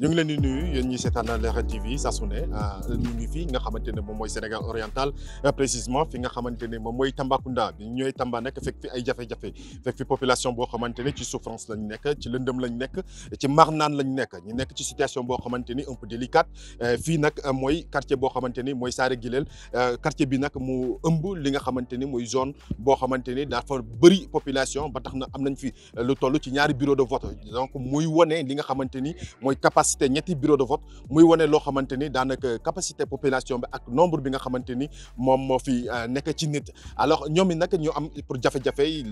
ñu ngi leen di nuyu yéen ñi seetaan Leral ne ah, ñu ngi fii nga xamante ne moom mooy Sénégal oriental ah, précisément fi nga xamante ne moom mooy Tambacounda bi ñooy Tamba nag fekk fi ay jafe-jafe fekk fi population boo xamante ne ci souffrance lañ nekk ci lëndëm lañ nekk ci marnaan lañ nekk ñu nekk ci situation boo xamante ni peu délicate eh, fii nag mooy quartier boo xamante ni mooy Saare Gileel eh, quartier bi nag mu ëmb li nga xamante ni mooy zone boo xamante ni dafa bëri population ba tax na am nañ fi lu toll ci ñaari bureau de vote donc capacité ñetti bureau de vote muy wane loo xamante ni daanaka capacité population bi ak nombre bi nga xamante ni moom moo fi euh, nekk ci nit alors ñoom it nag ñu am pour jafe-jafe yi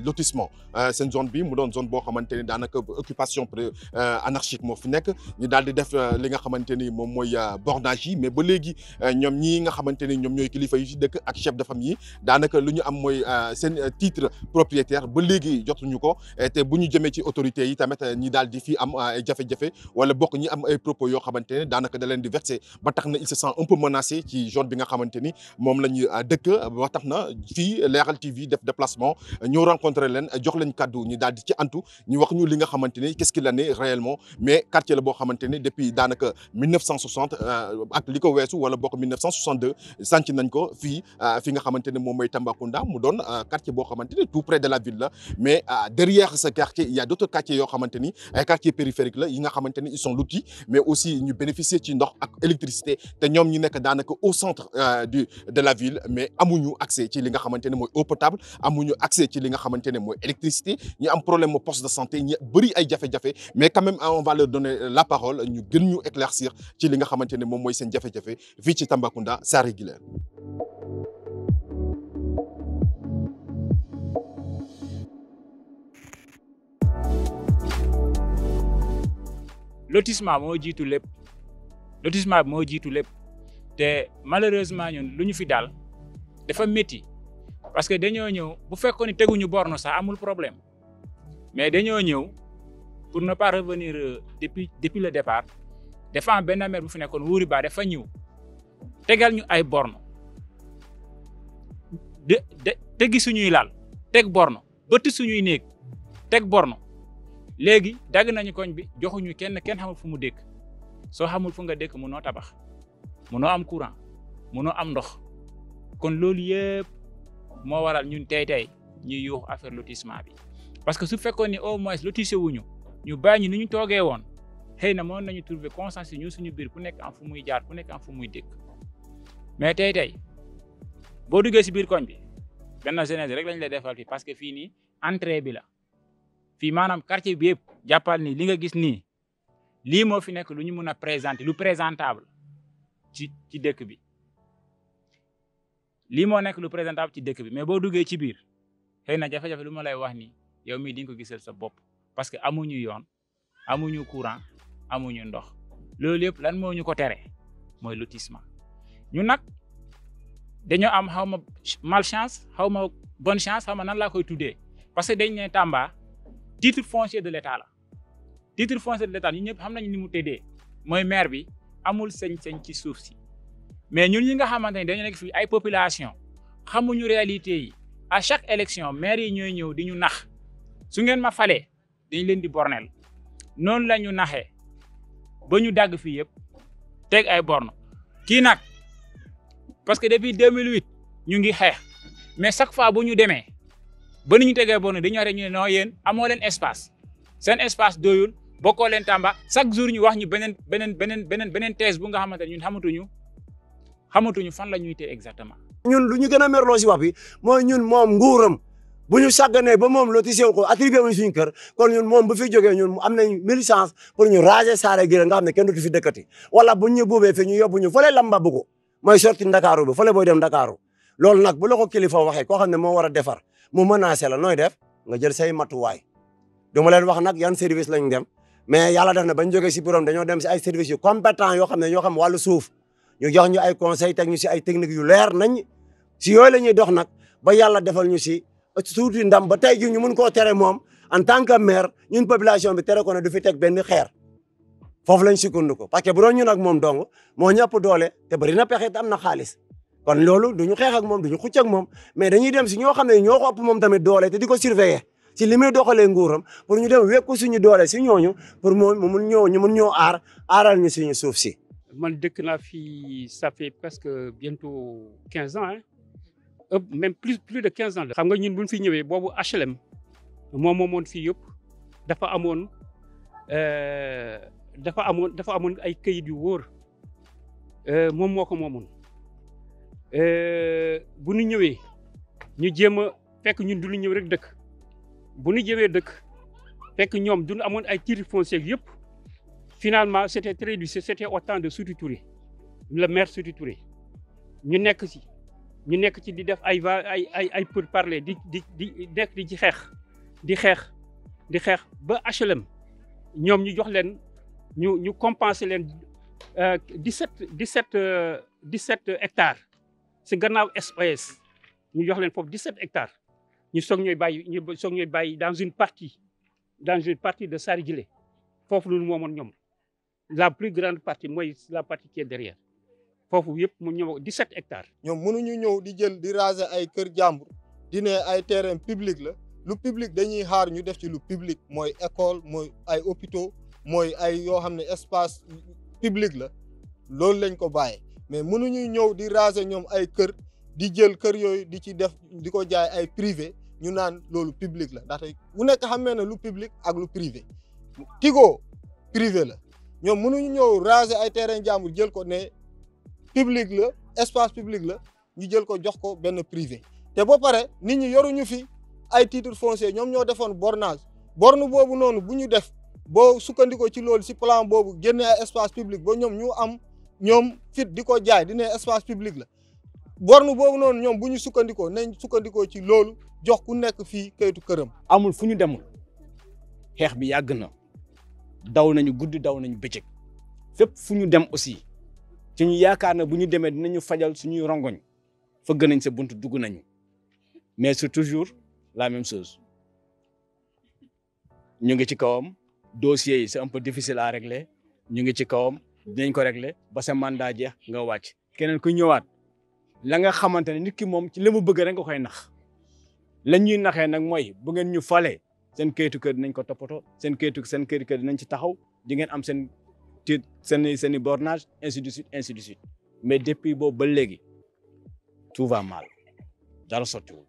euh, seen zone bi mu doon zone boo xamante ni daanaka occupation euh, anarchique moo fi nekk ñu daal di def li nga xamante ni moom mooy bornage yi mais ba léegi ñoom ñii nga xamante ni ñoom ñooy kilifa yi ci dëkk ak chef de famille yi daanaka lu ñu am mooy seen titre propriétaire ba léegi jotuñu ko te bu ñu jëmee ci autorité yi tamit ñi daal di fi am jafe-jafe wala bokk ñi am ay propos yoo xamante ne daanaka da leen di versé ba tax na il se sent un peu menacé ci zone bi nga xamante ni moom la ñu euh, dëkk ba tax na fii Leral TV def déplacement ñoo rencontré leen jox lañ kaddu ñu daal di ci antu ñu wax ñu li nga xamante ni qu'est-ce qu'il en est réellement mais quartier la boo xamante ni depuis daanaka 1960 euh, ak li ko weesu wala bokk 1962 sànc nañ ko fii euh, fi nga xamante ne moom mooy Tambacounda mu doon quartier boo xamante ni tout près de la ville la mais derrière ce quartier il y a xamante ni ay quartiers périphériques xamante ni ils sont mais aussi ñu bénéficier ci ndox ak électricité te ñoom ñu nekk daanaka au centre euh, du de la ville mais amuñu accès ci li nga xamante ne mooy eau potable amuñu accès ci li nga xamante ne mooy électricité ñu am problème mu poste de santé ñu bëri ay jafe-jafe mais quand même on va leur donner la parole ñu gën ñu éclaircir ci li nga xamante ne moom mooy seen jafe-jafe fii ci Tambacounda Saare Gileer lotissement moo jiitu lépp lotissement bi moo jiitu lépp te maleureusement ñun lu ñu fi daal dafa métti parce que dañoo ñëw bu fekkoon ne teguñu borne sax amul problème mais dañoo ñëw pour ne pas revenir euh, depuis depuis le départ dafa am benn maire bu fi nekkoon wuuri baa dafa ñëw tegal ñu ay borne de de suñuy laal teg borne bëtt suñuy néeg teg borne léegi dagg nañu koñ bi joxuñu kenn kenn xamul fu mu dëkk soo xamul fu nga dëkk mënoo tabax mënoo am courant mënoo am ndox kon loolu yëpp moo waral ñun tey tey ñuy yuux affaire lotissement bi parce que su fekkoon ni au moins lotissé wuñu ñu bàyyi ñu ni ñu toogee woon xëy na mën nañu trouver consensus ñu suñu biir ku nekk am fu muy jaar ku nekk am fu muy dëkk mais tey tey boo duggee si biir koñ bi benn jeunesse rek lañ lay defal fii parce que fii nii entrée bi la fii maanaam quartier bi yëpp jàppal ni li nga gis nii lii moo fi nekk lu ñu mën a présenter lu présentable ci ci dëkk bi lii moo nekk lu présentable ci dëkk bi mais boo duggee ci biir xëy na jafe-jafe lu ma lay wax ni yow mii di ko gisal sa bopp parce que amuñu yoon amuñu courant amuñu ndox loolu yëpp lan moo ñu ko tere mooy lotissement ñu nag dañoo am xaw ma malchance xaw ma bonne chance xaw ma nan parce que dañ ne Tamba titre foncier de l' état la titre foncier de l' état ñun ñëpp xam nañ ni mu tëddee mooy maire bi amul sañ-sañ ci suuf si mais ñu ñi nga xamante ni dañu nekk fii ay population xamuñu réalité yi à chaque élection maire yi ñooy ñëw di ñu nax su ngeen ma falee dañ leen di bornel noonu la ñu naxee ba ñu dagg fii yëpp teg ay born kii nag parce que depuis 2008 ñu ngi xeex mais chaque fois bu ñu demee ba ni ñu tegee bon dañu arrêté ñu ne non yéen amoo leen espace seen espace doyul bokkoo leen Tamba chaque jour ñu wax ñu beneen beneen beneen beneen beneen bu nga xamante ne xamatuñu xamatuñu fan la ñuy tee exactement. ñun lu ñu gën a merloo si bi mooy ñun moom nguuram bu ñu sàgganee ba moom lotissé wu ko attribué wuñ suñu kër kon ñun moom bu fi jógee ñun am nañ mille chance pour ñu raser Saare Giré nga xam ne kenn du fi dëkkati wala buñ ñu buubee fi ñu yóbbu ñu fële lamba bu ko mooy sorti Ndakaaru bi fële booy dem Ndakaaru loolu nag bu la ko kilifa waxee koo xam ne moo war a defar mu menacé la nooy def nga jël say matuwaay du ma leen wax nag yan service la lañ dem mais yàlla def na bañ jógee si borom dañoo dem si ay services yu compétent yoo xam ne ñoo xam wàllu suuf ñu jox ñu ay conseil teg ñu si ay techniques yu leer nañ si yooyu la ñuy dox nag ba yàlla defal ñu si tuuti ndam ba tey jii ñu mun koo tere moom en tant que maire ñun population bi tere ko ne du fi teg benn xeer foofu lañ sukkandiku parce que bu doon ñu nag moom dong moo ñëpp doole te bëri na pexe te na xaalis kon loolu du ñu xeex ak moom du ñu xucc ak moom mais dañuy dem si ñoo xam ne ñoo ko moom tamit doole te di ko surveiller si li muy doxalee nguuram pour ñu dem wekku suñu doole si ñooñu pour moom mu mun ñoo ñu mun ñoo aar aaral ñu suñu suuf si. man dëkk naa fii ça fait presque bientôt quinze ans hein même plus plus de quinze ans la. xam nga ñun bu ñu fi ñëwee boobu HLM moom moomoon fii yëpp dafa amoon euh, dafa amoon dafa amoon ay kayit yu wóor euh, moom moo ko moomoon. Euh, bu ñu ñëwee ñu jéem a fekk ñun du ñu ñëw rek dëkk bu ñu jëwee dëkk fekk ñoom du amoon ay titres fonciers yëpp finalement c' était très difficile c' était au temps de Sékou le maire Sékou Touré ñu nekk ci ñu nekk ci di def ay va ay ay ay pourparlers di di di nekk di ci xeex di xeex di xeex ba HLM ñoom ñu jox leen ñu ñu compenser leen 17 17 17 hectares. si gannaaw SPS ñu jox leen foofu 17 hectares ñu soog bàyyi ñu soog ñooy bàyyi dans une partie dans une partie de Sarijile foofu lu moomoon ñoom la plus grande partie mooy la partie qui est foofu yëpp mu ñëw 17 hectares. ñoom mënuñu ñëw di jël di raser ay kër jàmbur di ay terrain public la lu public dañuy xaar ñu def ci lu public mooy école mooy ay hopito mooy ay yoo xam ne espace public la loolu lañ ko bàyyee. mais mënuñu ñëw di raser ñoom ay kër di jël kër yooyu di ci def di ko jaay ay privé ñu naan loolu public la ndaxte ku nekk xamee ne lu public ak lu privé Tigo privé la ñoom mënuñu ñëw raser ay terrain jàmbur jël ko ne public la espace public la ñu jël ko jox ko benn privé te ba pare nit ñi yoruñu fi ay titre foncier ñoom ñoo defoon bornage borne boobu noonu bu ñu def boo sukkandikoo ci loolu si plan boobu génne ay espace public ba ñoom ñu am ñoom fit di ko jaay dina ne espace public la borne boobu noonu ñoom bu ñu sukkandikoo nañ sukkandikoo ci loolu jox ku nekk fii kayitu këram. amul fu ñu demul xeex bi yàgg na daw nañu guddi daw nañu bëccëg fépp fu ñu dem aussi ci ñu yaakaar ne bu ñu demee dinañu fajal suñuy rongoñ fëgg nañ sa bunt dugg nañu mais c'est toujours la même chose ñu ngi ci kawam dossier yi c'est un peu difficile à régler ñu ngi ci kawam. dinañ ko régler ba sa mandat jeex nga wàcc keneen ku ñëwaat la nga xamante ne nit ki moom ci la mu bëgg rek ko koy nax la ñuy naxee nag mooy bu ngeen ñu fale seen kayitu kër nañ ko toppatoo seen kayitu seen kayitu kër dinañ ci taxaw di ngeen am seen tiit seen seen i bornage ainsi de suite mais depuis boobu ba léegi tout va mal dara sottiwul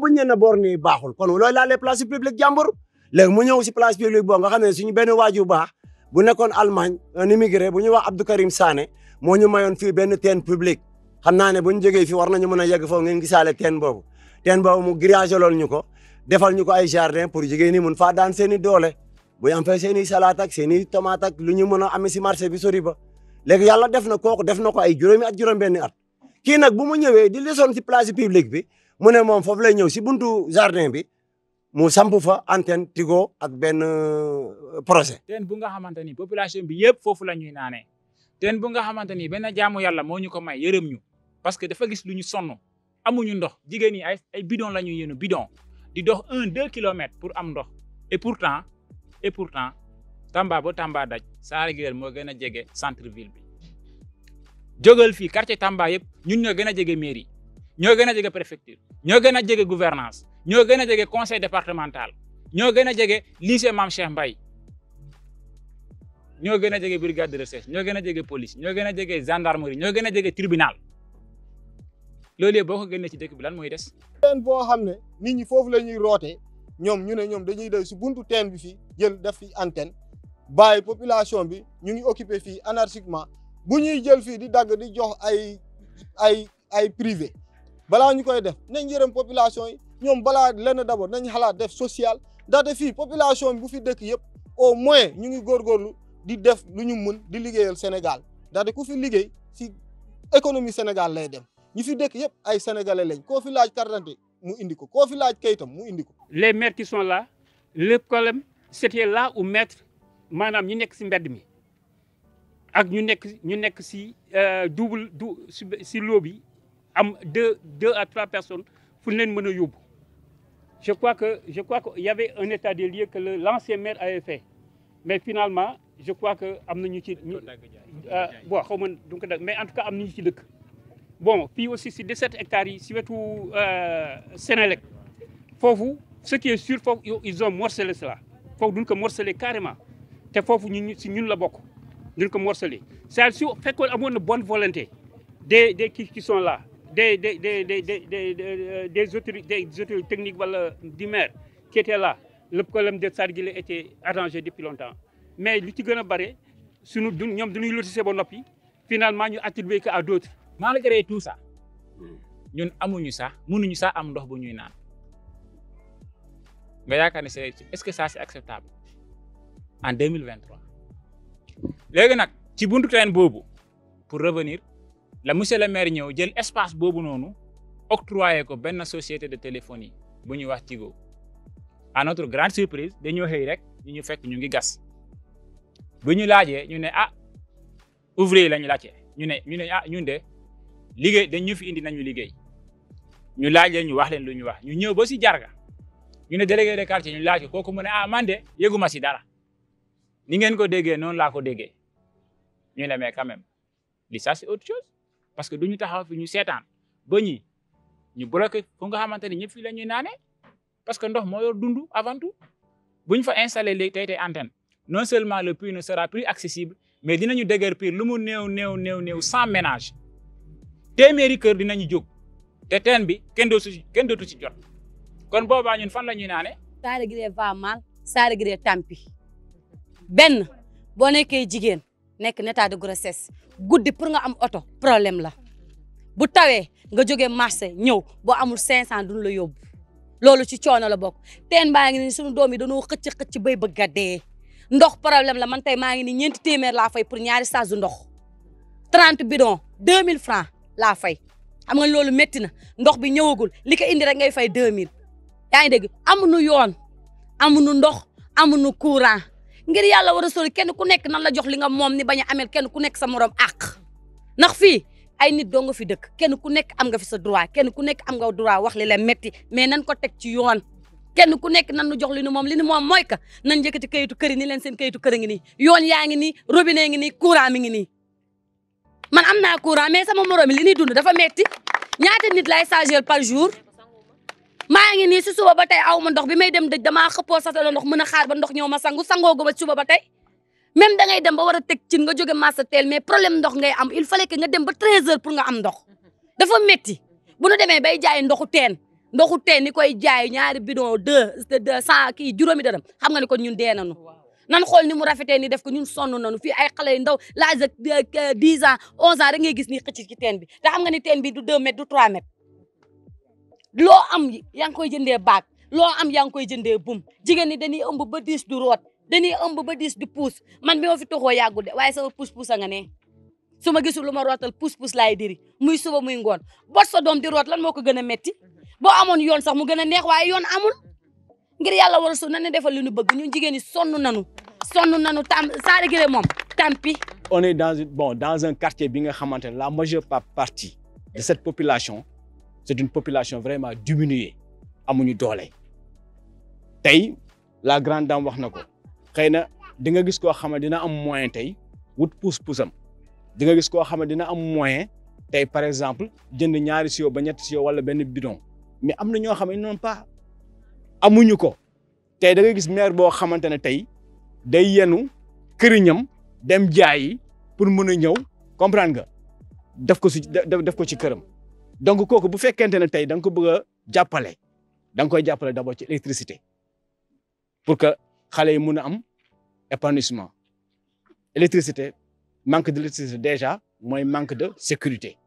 comme bu ñu nee na borne yi baaxul kon looy laalee place publique jàmbur léegi mu ñëw si place publique boo nga xam ne suñu benn waajur baax bu nekkoon Allemagne un immigré bu ñuy wax Abdou Karim Sané moo ñu mayoon fii benn teen publique xam naa ne bu ñu jógee fii war nañu mën a yegg foofu ngeen mu grillagé lool ñu defal ñu ko jardin pour jigéen mun faa daan seen i doole bu ñu am fee seen i salade lu ñu a amee si bi sori ba léegi yàlla def na ko ku juróomi at juróom-benni at kii nag bu mu ñëwee di lesoon bi mu ne moom foofu lay ñëw si buntu jardin bi mu sampu fa antenne tigo ak benn euh, projet. teen bu nga xamante ni population bi yëpp foofu la ñuy naanee ten bu nga xamante ni benn jaamu yàlla moo ñu ko may yërëm ñu parce que dafa gis lu ñu sonn amuñu ndox jigéen ñi ay ay bidon la ñuy yéenu bidon di dox un deux kilomètres pour am ndox et pourtant et pourtant Tamba ba Tamba daj Sariguel moo gën a jege centre ville bi jógal fii quartier Tamba yëpp ñun ñoo gën a jege mairie. ñoo gën a jege préfecture ñoo gën a jege gouvernance ñoo gën a jege conseil départemental ñoo gën a jege lycée Mame Cheikh Mbaye ñoo gën a jege brigade de recherche ñoo gën a jege police ñoo gën a jege gendarmerie ñoo gën a jege tribunal loolu yëpp boo ko génnee ci dëkk bi lan mooy des. teen boo xam ne nit ñi foofu la ñuy rootee ñoom ñu ne ñoom dañuy day si buntu teen bi fii jël def fi antenne bàyyi population bi ñu ngi occupé fii anarchiquement bu ñuy jël fii di dagg di jox ay ay ay privé. balaa ñu koy def nañ yërëm population yi ñoom balaa lenn d' abord nañ xalaat def social ndaxte fi population bu fi dëkk yëpp au moins ñu ngi góorgóorlu di def lu ñu mën di liggéeyal Sénégal ndaxte ku fi liggéey si économie Sénégal lay dem ñu fi dëkk yëpp ay sénégalais lañ koo fi laaj carte mu indi ko koo fi laaj kayitam mu indi ko. les maires qui sont le problème c' était là où mettre maanaam ñu nekk si mbedd mi ak ñu nekk ñu nekk si euh, double du si bi am deux deux à trois personnes fu ñu leen mën a yóbbu je crois que je crois que y avait un état des lieux que le l'ancien maire avait fait mais finalement je crois que am na ñu ci ñu ah, bon xaw ma du ko mais en tout cas am na ñu ci dëkk bon fii aussi si 17 hectares yi si wetu euh, Sénélec foofu ce qui est sûr foofu ils ont morcelé cela foofu duñ ko morcelé carrément te foofu ñun si ñun la bokk duñ ko morcelé c'est-à-dire su fekkoon amoon na bonne volonté des des kii qui sont là de des, des, des, des, des euh, autorités, autorités, techniques voilà, du maire qui étaient là. Le problème de Sarguilé était arrangé depuis longtemps. Mais ce qui est barré, si nous avons finalement nous attribué à d'autres. Malgré tout ça, am ndox bu ñuy avons ça, nous avons se Est-ce que ça c'est acceptable en 2023 Maintenant, si vous pour revenir la monsieur le maire ñëw jël espace boobu noonu octroyé ko benn société de téléphonie bu ñuy wax Tigo à notre grande surprise dañoo xëy rek ñu ñu fekk ñu ngi gas bu ñu laajee ñu ne ah ouvrier lañu laajte ñu ne ñu ne ah ñun de liggéey dañ ñu fi indi nañu liggéey ñu laaj leen ñu wax leen lu ñu wax ñu ñëw ba si jarga ñu ne délégué de quartier ñu laaj ko kooku ne a ah, man de si dara ni ngeen ko déggee noonu laa ko déggee ñu ne mais quand même li parce que du ñu taxaw fi ñu seetaan ba ñi ñu bloqué fu nga xamante ni ñëpp fii la ñuy naanee parce que ndox moo yor dund avant tout bu ñu fa installé léegi tey tey antenne non seulement le prix ne sera plus accessible mais dinañu dëgër prix lu mu néew néew néew néew cent ménages téeméeri kër dinañu jóg te teen bi kenn dootu ci ci jot kon boobaa ñun fan la ñuy naanee. ça regrette va mal ça regrette tant pis benn boo nekkee jigéen. nekk en état de grossesse guddi pour nga am oto problème la bu tawee nga jógee marché ñëw boo amul 500 duñ la yóbbu loolu ci coono la bokk teen baa ngi ni suñu doom yi dañoo xëcc xëcc bay bëgg a dee ndox problème la man tey maa ngi ni ñeenti téeméer laa fay pour ñaari saas du ndox 30 bidon 2000 francs laa fay am nga loolu métti na ndox bi ñëwagul li ko indi rek ngay fay 2000 yaa ngi dégg amuñu yoon amuñu ndox nu courant. ngir yàlla war a sori kenn ku nekk nan la jox li nga moom ni bañ a amel kenn ku nekk sa morom àq ndax fii ay nit doo nga fi dëkk kenn ku nekk am nga fi sa droit kenn ku nekk am nga droit wax li la metti mais nan ko teg ci yoon kenn ku nekk nan nu jox li nu moom li nu moom mooy que nan njëkkati kayitu këri ni leen seen kayitu kër ngi ni yoon yaa ngi ni robinet ngi ni courant mi ngi nii man am naa courant mais sama morom li ñuy dund dafa metti ñaata nit lay chargé par jour maa ngi nii si suba ba tey aw ma ndox bi may dem dëj damaa xëppoo satala ndox mën a xaar ba ndox ñëw ma sangu sangoo gu ma suba ba tey même da ngay dem ba war a teg cin nga jóge massa teel mais problème ndox ngay am il fallait que nga dem ba 13 heures pour nga am ndox dafa métti bu nu demee bay jaay ndoxu teen ndoxu teen ni koy jaay ñaari bidon deux deux cent kii juróomi dam xam nga ni ko ñun dee nañu nan xool ni mu rafetee ni def ko ñun son nañu fii ay xale yu ndaw l'âge de 10 ans gis ni xëcc teen bi te xam nga ni teen bi du 2 mètres du loo am yaa ngi koy jëndee baag loo am yaa ngi koy jëndee bum jigéen ñi dañuy ëmb ba diis du root dañuy ëmb ba diis du puus man bi ma fi toxoo yàggul de waaye sama puus-puus a nga ne su ma gisul lu ma rootal puus-puus laay diri muy suba muy ngoon bot sa doom di root lan moo ko gën a metti boo amoon yoon sax mu gën a neex waaye yoon amul ngir yàlla war su na ne defal li ñu bëgg ñu jigéen ñi sonn nanu sonn nanu tam Saare Giré moom tampi on dans bon dans un quartier bi nga xamante ne la majeure partie de cette population c'est une population vraiment diminuée amuñu doole tey la grande dame wax na ko xëy na di gis koo xam ne dina am moyen tey wut puus-puusam di nga gis koo xam ne dina am moyen tey par exemple jënd ñaari siyo ba ñetti siyo wala benn bidon mais am na ñoo xam ne non pas amuñu ko tey da nga gis maire boo xamante ne tey day yenu këriñam dem jaayi pour mën a ñëw comprendre nga def ko si def ko ci këram. donc kooku bu fekkente ne tey da nga ko bëgg a jàppale da nga koy jàppale d'abord ci électricité pour que xale yi mun a am épanouissement électricité manque d'électricité déjà mooy manque de sécurité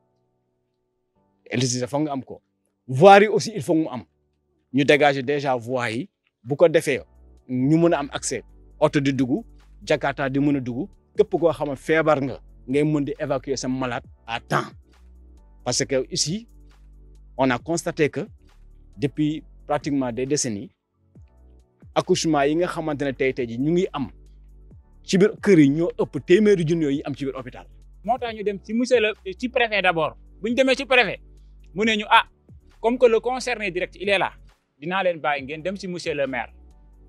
électricité foog nga am ko voirie yi aussi il faut mu am ñu dégager déjà voies yi bu ko defee ñu mun a am accès oto di dugg Jakarta di mun a dugg képp koo xam feebar nga ngay mun di évacuer sa malade à temps Parce que ici, on a constaté que depuis pratiquement des décennies, accouchement yi nga xamante ne tey tey ji ñu ngi am ci biir kër yi ñoo ëpp téeméeri junni yi am ci biir hôpital. moo tax ñu dem ci monsieur le ci préfet d'abord bu ñu demee ci préfet mu ne ñu a ah, comme que le concerné direct il est là dinaa leen bàyyi ngeen dem si monsieur le maire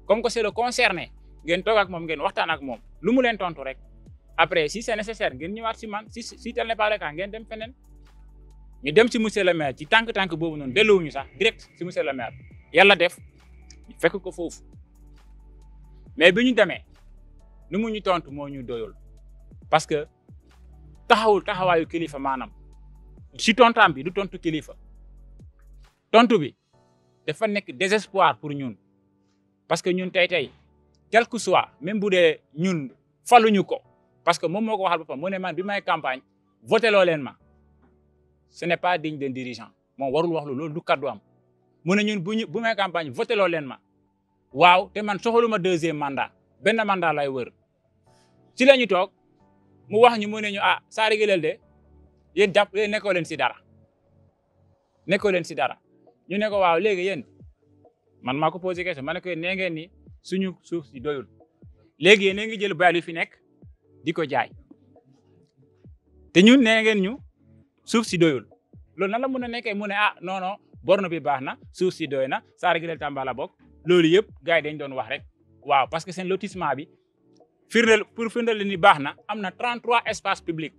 comme que concerné ngeen toog ak moom ngeen waxtaan ak moom lu mu leen tontu rek après si c'est nécessaire ngeen ñëwaat si man si tel n'est pas le cas ngeen dem feneen. ñu dem ci monsieur le maire ci tànk-tànk boobu noonu delluwuñu sax direct ci monsieur le yàlla def fekk ko foofu mais bi ñu demee nu mu ñu tontu moo ñu doyul parce que taxawul taxawaayu kilifa maanaam si tontaam bi du tontu kilifa tontu bi dafa nekk désespoir pour ñun parce que ñun tey tey quel que soit même bu dee ñun faluñu ko parce que moom moo ko waxal boppam mu ne man bi may campagne voté loo leen ma. ce n'est pas digne d'un dirigeant moom warul wax loolu du kaddu am mu ne ñun bu ñu bu may campagne voté ma waaw te man soxaluma deuxième manda benn manda lay wër ci la ñu toog mu wax ñu mu ne ñu ah Saare de yéen jàpp nekkoo leen si dara nekkoo leen si dara ñu ne ko waaw léegi yéen man maa ko posé question ma ne ko nee ngeen ni suñu suuf si doyul léegi yéen a ngi jël bayal yu fi nekk di ko jaay te ñun nee ñu. suuf si doyul loolu nan la mën a nekkee mu ne ah non non borne bi baax na suuf si doy na Saare Girel Tamba la bokk loolu yëpp gars yi dañ doon wax rek waaw parce que seen lotissement bi firndeel pour firndeel ni baax na am na 33 espace public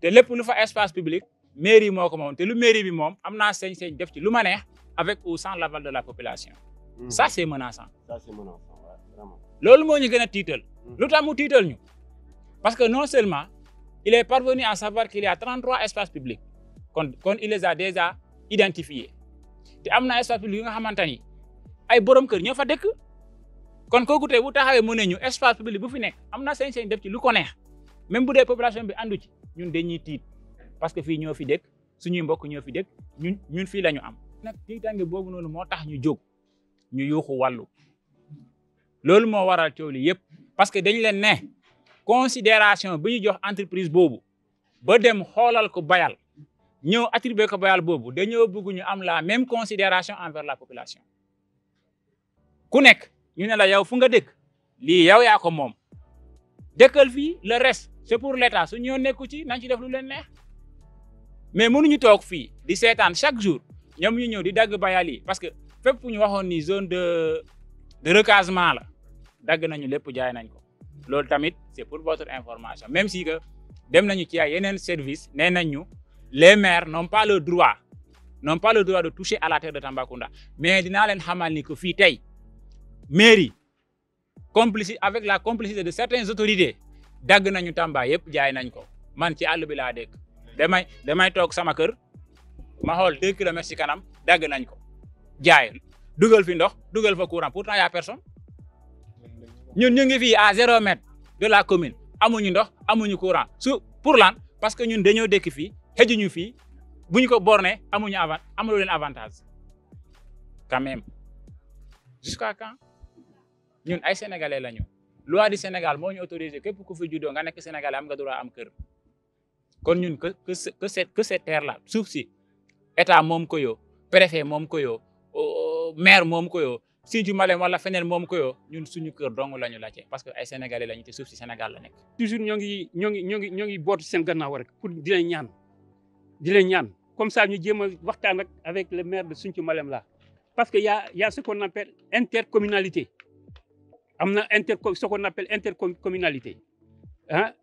te lépp lu fa espace public mairie moo ko moom te lu mairie bi moom am naa señ sañ def ci lu ma neex avec ou sans l'aval de la population. Hmm. ça c'est menaçant. ça c'est loolu moo ñu gën a tiital. Hmm. lu tax mu tiital ñu parce que non seulement. il est parvenu à savoir qu'il y a 33 espaces publics kon kon il les a déjà identifiés te am na espace public yu nga xamante ni ay borom kër ñoo fa dëkk kon kooku tey bu taxawee mu nee ñu espace public bu fi nekk am na sañ-sañ def ci lu ko neex même bu dee population bi àndu ci ñun dañuy tiit parce que fii ñoo fi dëkk suñuy mbokk ñoo fi dëkk ñun ñun fii la ñu am. nag tiitaange boobu noonu moo tax ñu jóg ñu yuuxu wàllu loolu moo waral coow li yëpp parce que dañ leen ne. considération bi ñu jox entreprise boobu ba dem xoolal ko bayal ñëw attribué ko bayal boobu dañoo bëgg ñu am la même considération envers la population ku nekk ñu ne la yow fu nga dëkk lii yow yaa ko moom dëkkal fii le reste c'est pour l'État su ñoo nekku ci nañ ci def lu leen neex mais ñu toog fii di seetaan chaque jour ñoom ñu ñëw di dagg bayal yi parce que fépp ñu waxoon ni zone de de recasement la dagg nañu lépp jaay nañ ko loolu tamit c'est pour votre information même si que dem nañu ci ay yeneen service nee nañu les maires n'ont pas le droit non pas le droit de toucher à la terre de Tambacounda mais dinaa leen xamal ni que fii tey mairie complice avec la complicité de certaines autorités dagg nañu Tamba yëpp jaay nañ ko man ci àll bi laa dëkk damay damay toog sama kër ma xool deux kilomètres ci kanam dagg nañ ko jaay dugal fi ndox dugal fa courant pourtant y a personne ñun ñu ngi fii zéro mètre de la commune amuñu ndox amuñu courant su pour lan parce que ñun dañoo dëkk fii xëjuñu fii bu ñu ko borné amuñu avant amuloo avantage quand même jusqu'à quand ñun ay sénégalais lañu loi du Sénégal moo ñu autorisé képp ku fi juddoo nga nekk sénégalais am nga droit am kër kon ñun que que que cette que cette suuf si état moom koyo yoo préfet moom ko yoo maire moom koyo Sédhiou Malem wala feneen moom ko yoo ñun suñu kër dong la ñu laajte parce que ay sénégalais lañu te suuf si Sénégal la nekk. toujours ñoo ngi ñoo ngi ñoo ngi ñoo ngi bootu seen gannaaw rek pour di ñaan di ñaan comme ça ñu jéem a waxtaan ak avec le maire de Sédhiou Malem là. parce que ya a y' a ce qu'on intercommunalité am na inter ce qu'on appelle intercommunalité ah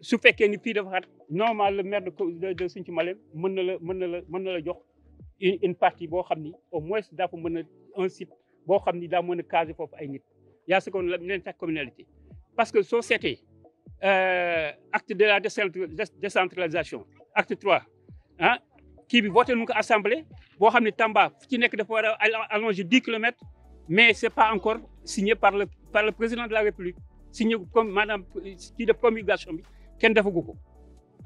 su fekkee ni fii dafa xat normal le maire de de Sinthiou mën na la mën na la mën na la jox une partie boo xam ni au moins dafa mën a un site boo xam ni daa mën a caser foofu ay nit yaa ce qu'on leen communalité parce que soo euh, acte de la décentralisation acte trois ah kii bi voté nu ko assemblée boo xam ne Tamba fu ci nekk dafa war a allonger dix kilomètres mais c' est pas encore signé par le par le président de la république signé comme maanaam kii def communication bi kenn defagu ko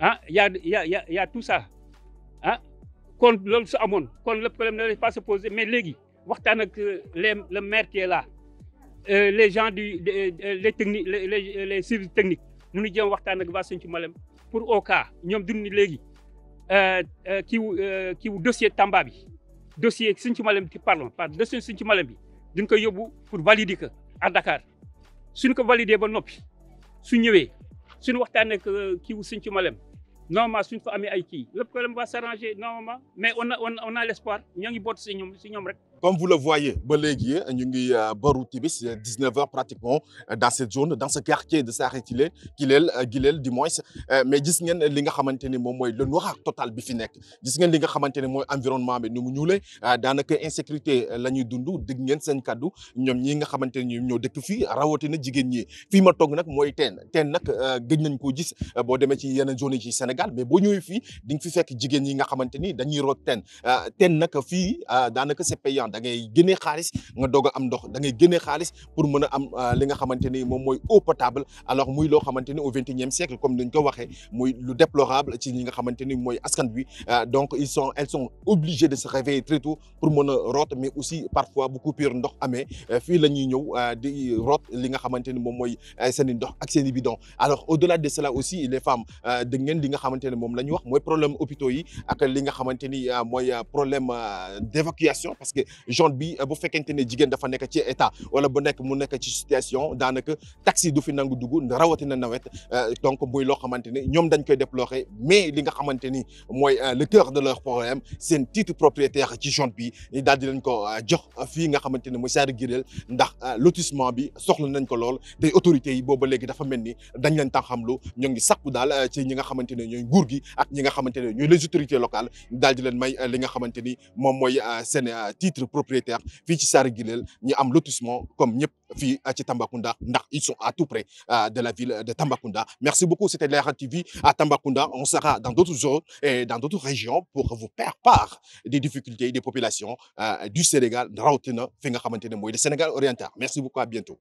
ah y' a y' a y' a tout ça ah, kon loolu su amoon kon le problème ne pas se mais léegi. waxtaan ak euh, les le maire qui est là euh, les gens du les techniques les les services techniques nu ñu jéem waxtaan ak waa Sinthiou Malem pour au cas ñoom dund léegi euh, kii wu kii wu dossier Tamba bi dossier Sinthiou Malem bi pardon pardon dossier Sinthiou Malem bi dañ koy yóbbu pour valider ko à Dakar suñ ko valider ba noppi su ñëwee suñu waxtaan ak kii wu Sinthiou Malem normalement suñ fa amee ay kii le problème va s'arranger normalement mais on a on a l'espoir ñoo ngi boot si ñoom si ñoom rek. Comme vous le voyez, Beléguier, euh, Nyungi euh, Borou Tibis, 19h euh, pratiquement dans cette zone, dans ce quartier de Saretilé, Gilel, Gilel, du moins. Mais Disney, Linga Hamantene, le noir total Bifinek. Disney, Linga Hamantene, environnement, mais nous nous dans insécurité, la nuit d'Undu, Dignen Senkadou, ñoom ñi nga xamante ne ñoom ñoo dëkk fii rawatina jigéen ñi fii ma toog nag mooy teen teen nag gëj nañ koo gis boo demee ci yeneen zone yi ci Sénégal mais boo ñëwee fii di nga fi fekk jigéen ñi nga xamante ni dañuy root teen teen nag fii daanaka c'est client da ngay génnee xaalis nga doog a am ndox da ngay génnee xaalis pour mën a am euh, li nga xamante ni moom mooy eau potable alors muy loo xamante ni au vingt et unième siècle comme ni ñu ko waxee muy lu déplorable ci ñi nga xamante ni mooy askan bi euh, donc a root i euh, ndox ak seen i bidon alors au delà de cela aussi les femmes dégg ngeen li nga xamante ne la wax mooy problème hôpitaux yi ak li nga xamante ni mooy problème d'évacuation parce que jaune bi bu fekkente ne jigeen dafa nekk ci état wala bu nekk mu nekk ci situation daanaka taxi du fi nangu dugg rawatina nawet euh, donc muy loo xamante ni ñoom dañ koy déplorer mais li nga xamante ni mooy euh, le cœur de leur problème seen titre propriétaire ci jaune bi daal di leen ko euh, jox fii nga xamante ne mu saari gireel ndax lotissement bi soxla nañ ko lool te autorités yi booba léegi dafa mel ni dañ leen tax xamlu ñoo ngi sakku daal ci ñi nga xamante ne ñooy nguur gi ak ñi nga xamante ne ñooy les autorités locales daal leen may li nga xamante ni moom mooy seen titre futur propriétaire fii ci Saara Gileel ñu am lotissement comme ñëpp fii ci Tambacounda ndax ils sont à tout près euh, de la ville de Tambacounda merci beaucoup c'était Leral TV à Tambacounda on sera dans d'autres zones et dans d'autres régions pour vous faire part des difficultés des populations euh, du Sénégal rawatina fi nga xamante ne mooy le Sénégal oriental merci beaucoup à bientôt